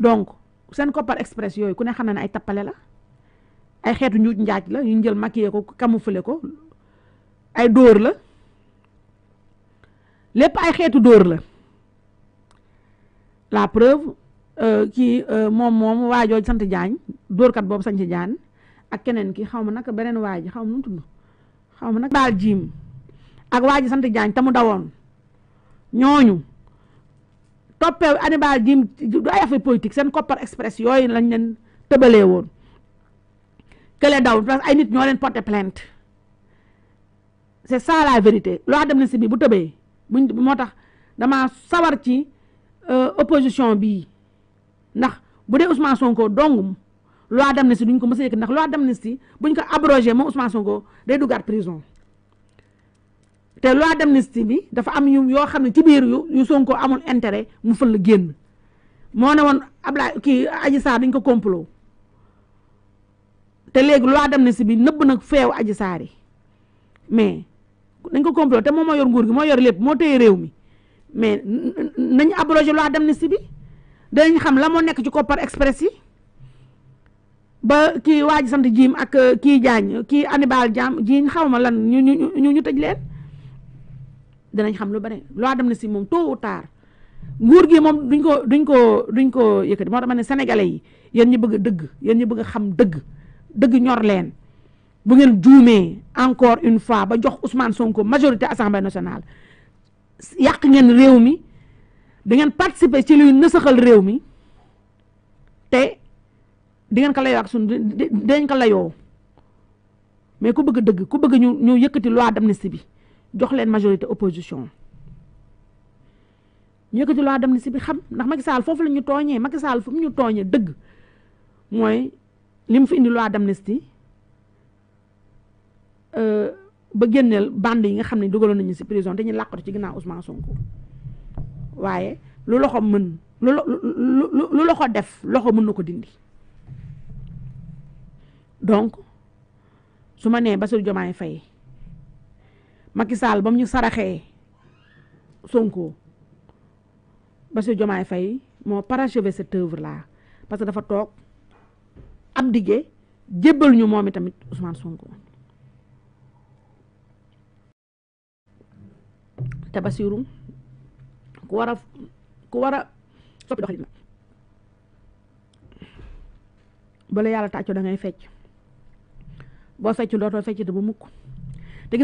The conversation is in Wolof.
donc seen koppar express yooyu ku ne xam na ne ay tappale la ay xeetu njuuj njaaj la ñu jël maquillé ko camouflé ko ay dóor la lépp ay xeetu dóor la la euh, kii euh, moom moom waajooj sant jaañ dóorkat boobu sant jaan ak keneen ki xaw ma nag beneen waa ji xaw ma nu tudd xaw ma nag daal jiim ak waa ji sant jaañ te mu dawoon ñooñu toppee Hannibal Djim du ay affaire politique seen koppar express yooyu lañ leen tëbalee woon kële daw parce que ay nit ñoo leen porté plainte c' est ça la vérité loi d'amnistie bi bu tëbee bu moo tax dama sawar ci euh, opposition bi ndax bu dee Ousmane Sonko dongum loi d'amnistie duñ ko mës a yëkk ndax ne si buñ ko abrogé moom Ousmane Sonko day duggaat prison te dem d'amnistie bi dafa am ñu yoo xam ne ci biir yu yu Sonko amul intérêt mu fël génn moo ne woon Ablaye kii Adji Sarr dañ ko complot te léegi loi d'amnistie bi nëbb nag feew Adji Sarr yi mais dañ ko complot te moom moo yor nguur gi moo yor lépp moo téye réew mi mais nañ abrogé loi d'amnistie bi danañ xam la moo nekk ci koppar express yi ba kii waaj sant jiim ak kii jaañ kii Hannibal Djim jiiñ xaw ma lan ñu ñu ñu ñu tëj leen danañ xam lu bari na d'amnistie moom tôt ou tard nguur gi moom duñ ko duñ ko duñ ko yëkkati moo tax ma ne sénégalais yi yéen ñi bëgg dëgg yéen ñi bëgg a xam dëgg dëgg ñor leen bu ngeen juumee encore une fois ba jox Ousmane Sonko majorité assemblée nationale yàq ngeen réew mi da ngeen participer ci luy nësaxal réew mi te di ngeen ko layoo ak suñ dinañ mais ku bëgg dëgg ku bëgg ñu ñu yëkkati loi d'amnistie bi jox leen majorité opposition ñu yëkkati loi d'amnistie bi xam ndax Macky Sall foofu la ñu tooñee Macky Sall fu mu ñu tooñee dëgg mooy li mu fi indi loi d'amnistie euh, ba génneel bande yi nga xam ne dugaloon nañu ci prison te ñu làqatu ci ginnaaw Ousmane Sonko waaye lu loxo mën lu loxo def loxo mën na ko dindi donc su ma nee Bassirou Diomaye fay Macky Sall bam ñu saraxee Sonko Bassirou jomaay fay moo parachevé cette œuvre là parce que dafa toog ab diggé jébbal ñu moom i tamit Ousmane Sonko te Bassirou ku war a ku war a soppi doxalin la yàlla tàcco da ngay fecc boo fecc dootoo fecc te ba mukk